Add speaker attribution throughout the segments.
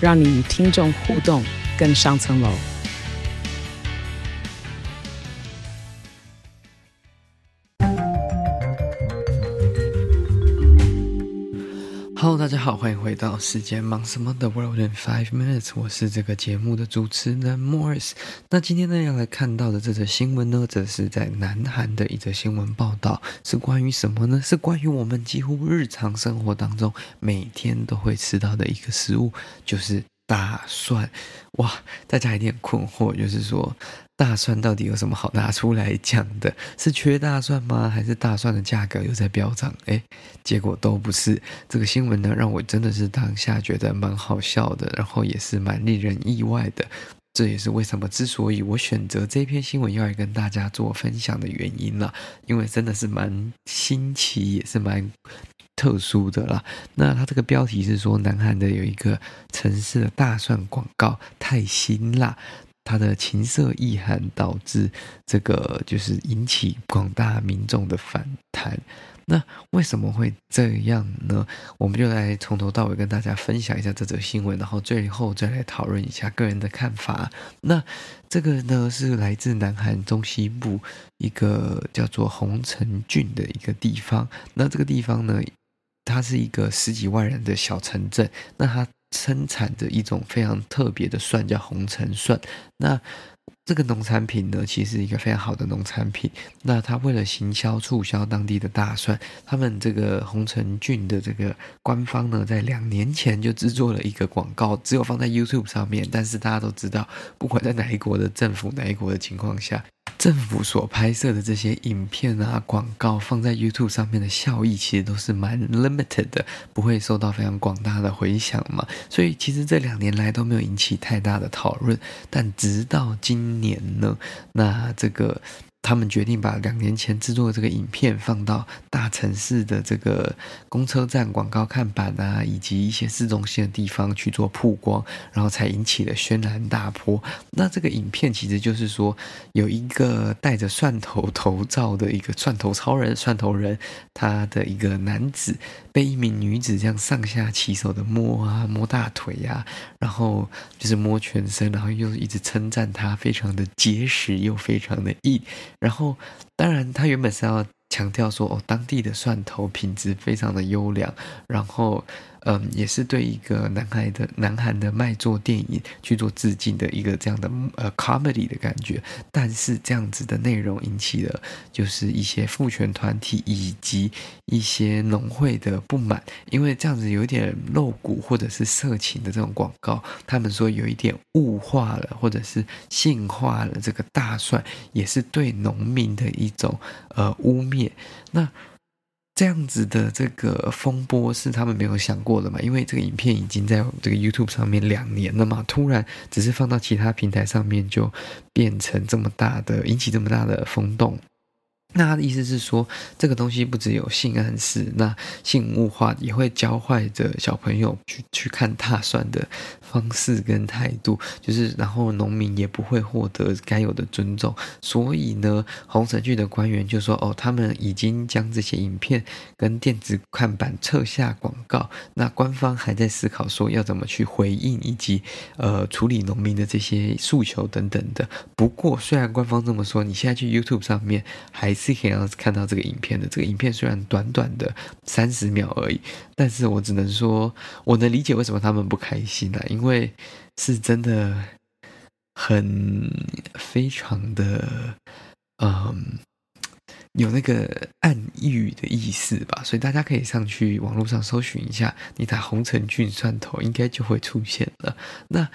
Speaker 1: 讓你與聽眾互動更上層樓。Hello，大家好，歡迎回到時間忙什麼的 World in Five Minutes，我是這個節目的主持人 Morris。那今天呢，要來看到的這則新聞呢，則是在南韓的一則新聞報道，是關於什麼呢？是關於我們幾乎日常生活當中每天都會吃到的一個食物，就是大蒜。哇，大家有一定困惑，就是說。大蒜到底有什麼好拿出來講的？是缺大蒜嗎？還是大蒜的價格又在飆漲？誒，結果都不是。這個新聞呢，讓我真的是當下覺得蠻好笑的，然後也是蠻令人意外的。這也是為什麼之所以我選擇這篇新聞要來跟大家做分享的原因了，因為真的是蠻新奇，也是蠻特殊的啦。那它這個標題是說，南韓的有一個城市的大蒜廣告太辛辣。他的情色意涵，導致這個就是引起廣大民眾的反彈，那為什麼會這樣呢？我們就來從頭到尾跟大家分享一下這則新聞，然後最後再來討論一下個人的看法。那這個呢是來自南韓中西部一個叫做洪城郡的一個地方，那這個地方呢，它是一個十幾萬人的小城鎮，那它，生產着一種非常特別的蒜叫紅橙蒜，那這個農產品呢，其實是一個非常好的農產品。那他為了行銷促銷當地的大蒜，他們這個紅橙郡的這個官方呢，在兩年前就製作了一個廣告，只有放在 YouTube 上面。但是大家都知道，不管在哪一國的政府，哪一國的情況下。政府所拍攝的這些影片啊，廣告放在 YouTube 上面的效益其實都是蠻 limited 的，不會受到非常廣大的回響嘛，所以其實這兩年來都沒有引起太大的討論。但直到今年呢，那這個。他們決定把兩年前制作的這個影片放到大城市的這個公車站廣告看板啊，以及一些市中心的地方去做曝光，然後才引起了軒然大波。那這個影片其實就是說，有一個戴着蒜頭頭罩的一個蒜頭超人，蒜頭人他的一個男子被一名女子這樣上下其手的摸啊摸大腿呀、啊，然後就是摸全身，然後又一直稱讚他非常的結實又非常的硬。然後，當然，他原本是要強調說，哦，當地的蒜頭品質非常的優良，然後。嗯，也是對一個南韓的南韓的賣座電影去做致敬的一個這樣的呃 comedy 的感覺，但是這樣子的內容引起了就是一些父權團體以及一些農會的不滿，因為這樣子有點露骨或者是色情的這種廣告，他們說有一點物化了或者是性化了這個大蒜，也是對農民的一種呃污衊。那。這樣子的這個風波是他們沒有想過的嘛，因為這個影片已經在這個 YouTube 上面兩年了嘛，突然只是放到其他平台上面，就變成這麼大的，引起這麼大的風動。那的意思是說，這個東西不只有性暗示，那性物化也會教壞着小朋友去去看大蒜的方式跟態度，就是然後農民也不會獲得該有的尊重。所以呢，紅城郡的官員就說：“哦，他們已經將這些影片跟電子看板撤下廣告。”那官方還在思考說要怎麼去回應以及呃處理農民的這些訴求等等的。不過，雖然官方這麼說，你現在去 YouTube 上面還是可以看到這個影片的。這個影片雖然短短的三十秒而已，但是我只能說，我能理解為什麼他們不開心了啊，因為是真的很非常的，嗯，有那個暗喻的意思吧。所以大家可以上去網絡上搜尋一下，你打“洪川郡蒜頭”應該就會出現了。那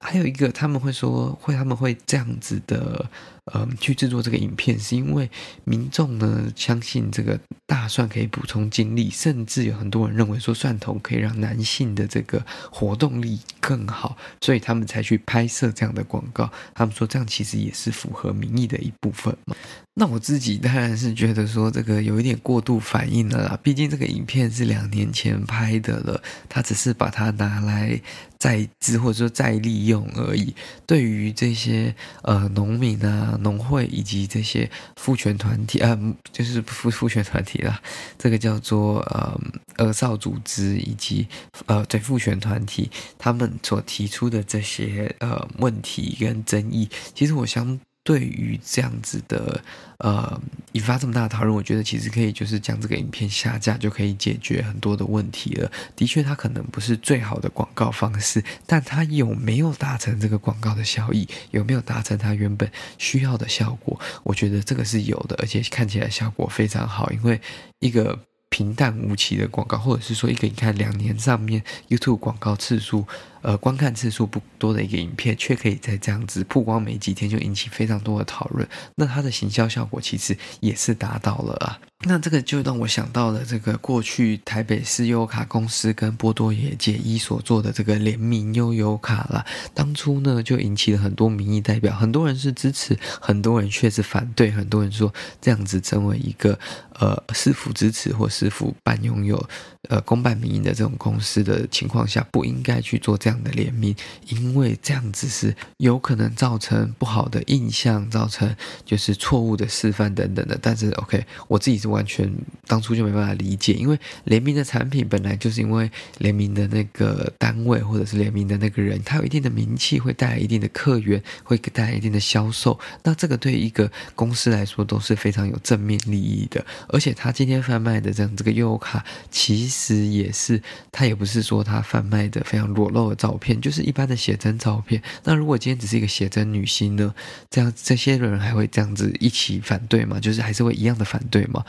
Speaker 1: 還有一個，他們會說，會他們會這樣子的。呃、嗯，去製作這個影片，是因為民眾呢相信，這個大蒜可以補充精力，甚至有很多人認為說蒜頭可以讓男性的這個活動力更好，所以他們才去拍攝這樣的廣告。他們說這樣其實也是符合民意的一部分嘛。那我自己當然是覺得說這個有一點過度反應了啦，畢竟這個影片是兩年前拍的了，他只是把它拿來再制或者說再利用而已。對於這些呃農民啊。農會以及這些婦權團體，啊，就是婦婦權團體啦，這個叫做呃，二少組織以及呃，對婦權團體他們所提出的這些呃問題跟爭議，其實我想。對於這樣子的，呃，引發這麼大的討論，我覺得其實可以就是將這個影片下架，就可以解決很多的問題了。的確，它可能不是最好的廣告方式，但它有沒有達成這個廣告的效益，有沒有達成它原本需要的效果？我覺得這個是有的，而且看起來效果非常好。因為一個平淡無奇的廣告，或者是說一個你看兩年上面 YouTube 廣告次數。呃，觀看次數不多的一個影片，卻可以在這樣子曝光沒幾天就引起非常多的討論，那它的行銷效果其實也是達到了啊。那這個就讓我想到了這個過去台北悠遊卡公司跟波多野結衣所做的這個聯名悠遊卡啦。當初呢，就引起了很多民意代表，很多人是支持，很多人卻是反對，很多人說這樣子成為一個呃市府支持或市府辦擁有呃公辦民營的這種公司的情況下，不應該去做這樣的聯名，因為這樣子是有可能造成不好的印象，造成就是錯誤的示範等等的。但是，OK，我自己是完全當初就沒辦法理解，因為聯名的產品本來就是因為聯名的那個單位或者是聯名的那個人，他有一定的名氣，會帶來一定的客源，會帶來一定的銷售。那這個對一個公司來說都是非常有正面利益的。而且，他今天販賣的這樣這個信卡，其實也是他也不是說他販賣的非常裸露的。照片就是一般的寫真照片。那如果今天只是一個寫真女星呢？這樣，這些人還會這樣子一起反對嗎？就是還是會一樣的反對嗎？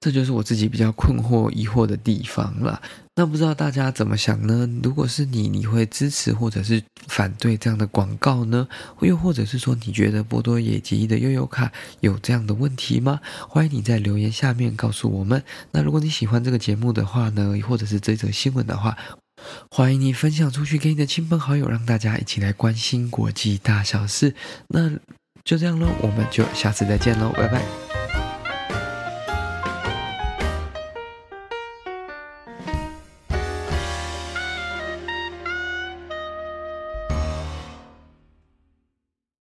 Speaker 1: 這就是我自己比較困惑疑惑的地方了。那不知道大家怎麼想呢？如果是你，你會支持或者是反對這樣的廣告呢？又或者是說，你覺得波多野結衣的悠遊卡有這樣的問題嗎？歡迎你在留言下面告訴我們。那如果你喜歡這個節目的話呢，或者是這則新聞的話。歡迎你分享出去給你的親朋好友，讓大家一起來關心國際大小事。那就這樣嘍，我們就下次再見嘍，拜拜。